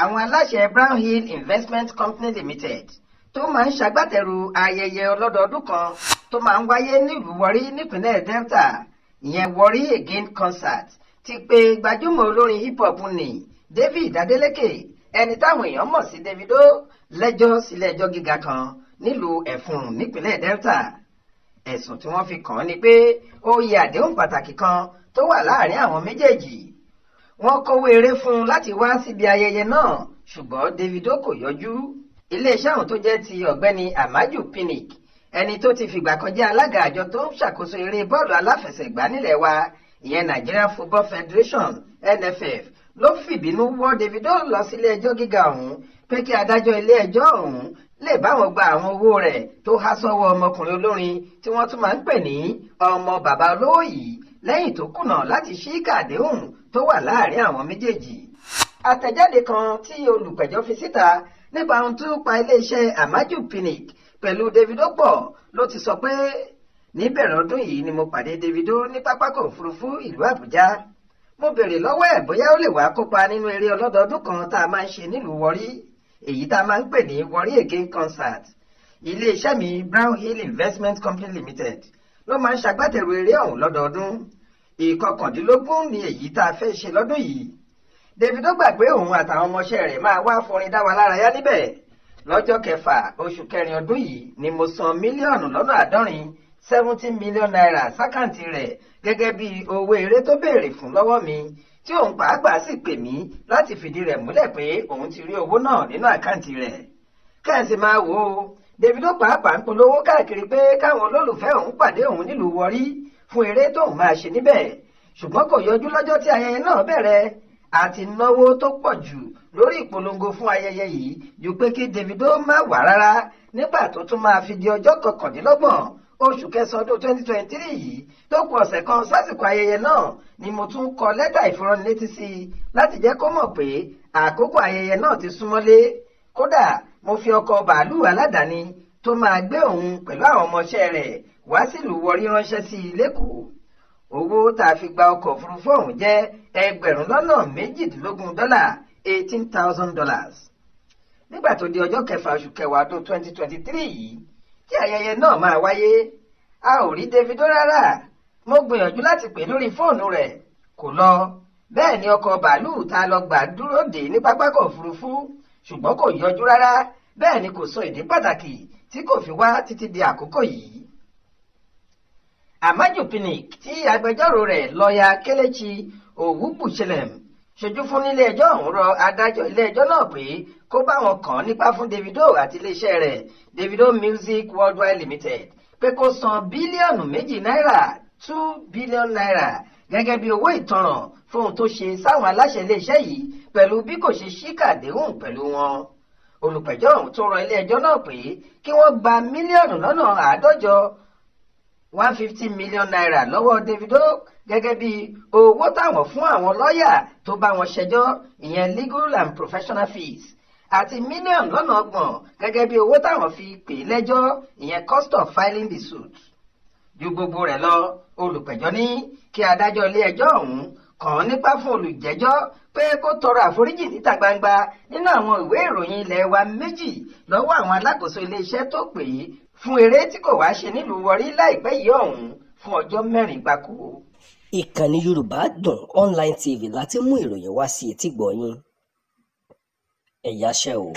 àwọn aláṣẹ Brown Hill Investment Company Limited tó máa ń ṣagbátẹrù ayẹyẹ ọlọ́dọọdún kan tó máa ń wáyé nílùú Warri nípínlẹ̀ Delta ìyẹn Warri Again concert ti pè gbajúmọ̀ olórin hip hop ni David Adeleke ẹni táwọn èèyàn mọ̀ sí Davido lẹ́jọ́ sílé-ẹjọ́ gíga kan nílùú Ẹ̀fọ̀n nípínlẹ̀ Delta ẹ̀sùn tí wọ́n fi kàn án ni pé ó yẹ àdéhùn pàtàkì kan tó wà láàrin àwọn méjèèjì wọ́n kọ̀wé eré fún un láti wá síbi ayẹyẹ náà ṣùgbọ́n Davido kò yọjú iléeṣẹ́ ọ̀hún tó jẹ́ ti ọ̀gbẹ́ni Amaju Pinnick ẹni tó ti fìgbà kan jẹ́ alága àjọ tó ń ṣàkóso eré bọ́ọ̀lù aláfẹsẹ̀gbá nílẹ̀ wa ìyẹn Nigeria Football Federation NFF ló fìbínú wọ́ Davido lọ sílé ẹjọ́ gíga ọ̀hún pé kí adájọ́ ilé ẹjọ́ ọ̀hún lè báwọn gba àwọn owó rẹ̀ tó há sọ́wọ́ ọmọkùnrin olórin tí wọ́n tún máa ń pè ní ọmọ bàbá olówó yìí lẹ́yìn tó kùnà láti ṣíkà àdéhùn tó wà láàrin àwọn méjèèjì. àtẹ̀jáde kan tí olùpẹ̀jọ́ fi síta nípa ohun tó pa iléeṣẹ́ amaju pinnick pẹ̀lú Davido pọ̀ ló ti sọ pé níbẹ̀rẹ̀ ọdún yìí ni mo pàdé Davido ní pápákọ̀ òfurufú ìlú Àbújá mo béèrè lọ́wọ́ ẹ̀ bóyá ó lè wá kópa nínú eré ọlọ́dọọdún kan tá a máa ń ṣe nílùú Warri èyí tá a máa ń pè ní Warri Again concert iléeṣẹ́ mi Brown Hill Investment Company Limited ló máa ń ṣagbátẹ̀rù eré ọ̀hún lọ́dọọdún ìkọkàndínlógún ni èyí tá a fẹ́ ṣe lọ́dún yìí Davido gbà pé òun àtàwọn ọmọọṣẹ́ rẹ̀ máa wá fọrin dá wa lárayá níbẹ̀ lọ́jọ́ kẹfà oṣù kẹrin ọdún yìí ni mo san mílíọ̀nù lọ́nà àádọ́rin seventy million naira sákàǹtì rẹ̀ gẹ́gẹ́ bí owó eré tó béèrè fún lọ́wọ́ mi tí òun pàápàá sì pè mí láti fìdí rẹ̀ múlẹ̀ pé òun ti rí owó náà nínú àkáǹtì rẹ̀ kẹ́sì máa wò ó Davido pàápàá ń polówó káàkiri pé káwọn olólùfẹ́ òun pàdé òun nílùú wọrí fún eré tóun máa ṣe níbẹ̀ ṣùgbọ́n kò yọjú lọ́jọ́ tí ayẹyẹ náà bẹ̀rẹ̀ àti náwó tó pọ̀ jù lórí ìpolongo fún ayẹyẹ yìí ju pé kí Davido má wà rárá nígbà tó tún máa fi di ọjọ́ kọkàndínlọ́gbọ̀n oṣù kẹsàn ọdún twenty twenty three yìí tó kù ọ̀sẹ̀ kan sásìkò ayẹyẹ náà ni mo tún kọ lẹ́tà ìfúnralétí sí i láti jẹ́ kó mọ̀ pé àkókò ayẹyẹ náà ti súnmọ́lé kódà mo fi ọkọ̀ bàálù aládàáni tó máa gbé òun pẹ̀lú àwọn ọmọọṣẹ́ rẹ̀ wá sílùú wọrí ránṣẹ́ sí i lẹ́kọ̀ọ́ owó tá a fi gba ọkọ̀ òfurufú ọ̀hún jẹ́ ẹgbẹ̀rún lọ́nà méjìdínlógún dọ́là eighteen thousand dollars nígbà tó di ọjọ́ kẹfà oṣù kẹwàá ọdún twenty twenty three yìí tí ayẹyẹ náà máa wáyé a ò rí Davido rárá mo gbìyànjú láti pè lórí fóònù rẹ̀ kò lọ bẹ́ẹ̀ ni ọkọ̀ bàálù tá lọ gbà dúró dè ní pápákọ̀ òfurufú ṣùgbọ́n kò yọjú rárá bẹ́ẹ̀ ni kò sọ ìdí pàtàkì tí kò fi wá títí di àkókò yìí. Amaju Pinnick tí agbẹjọ́rò rẹ̀ lọ́ọ̀yà Kelechi Owubuchelem ṣojú fún nílé-ẹjọ́ ọ̀hún rọ adájọ́ ilé-ẹjọ́ náà pé kó bá wọn kàn nípa fún Davido àti iléeṣẹ́ rẹ̀ Davido Music Worldwide Limited pé kó san bílíọ̀nù méjì náírà two billion naira gẹ́gẹ́ bí owó ìtanràn fóhun tó ṣe sáwọn aláṣẹ iléeṣẹ́ yìí pẹ̀lú bí kò ṣe ṣíkà àdéhùn pẹ̀lú wọn olùpẹ̀jọ́ ọ̀hún tó rọ ilé-ẹjọ́ náà pé kí wọ́n gba mílíọ̀nù lọ́nà àádọ́jọ one fifty million naira lọ́wọ́ Davido gẹ́gẹ́ bí owó táwọn fún àwọn lọ́ọ̀yà tó bá wọn ṣẹjọ́ ìyẹn legal and professional fees àti mílíọ̀nù lọ́nà ọgbọ̀n gẹ́gẹ́ bí owó táwọn fi pè lẹ́jọ́ ìyẹn cost of filing the suit ju gbogbo rẹ̀ lọ olùpẹ̀jọ́ ní kí adájọ́ ilé ẹjọ́ ọ̀hún kàn nípa fún olùjẹ́jọ́ pé kó tọrọ àforíjì níta gbangba nínú àwọn ìwé ìròyìn ilé wa méjì lọ́wọ́ àwọn alákòóso iléeṣẹ́ tó pè é fún eré tí kò wá ṣe nílùú wọrí láìpẹ́ yìí ọ̀hún fún ọjọ́ mẹ́rin gbáko. ìkànnì yorùbá dùn online tv láti mú ìròyìn wá sí etí gbọ̀nyìn ẹ̀yáṣẹ́ o.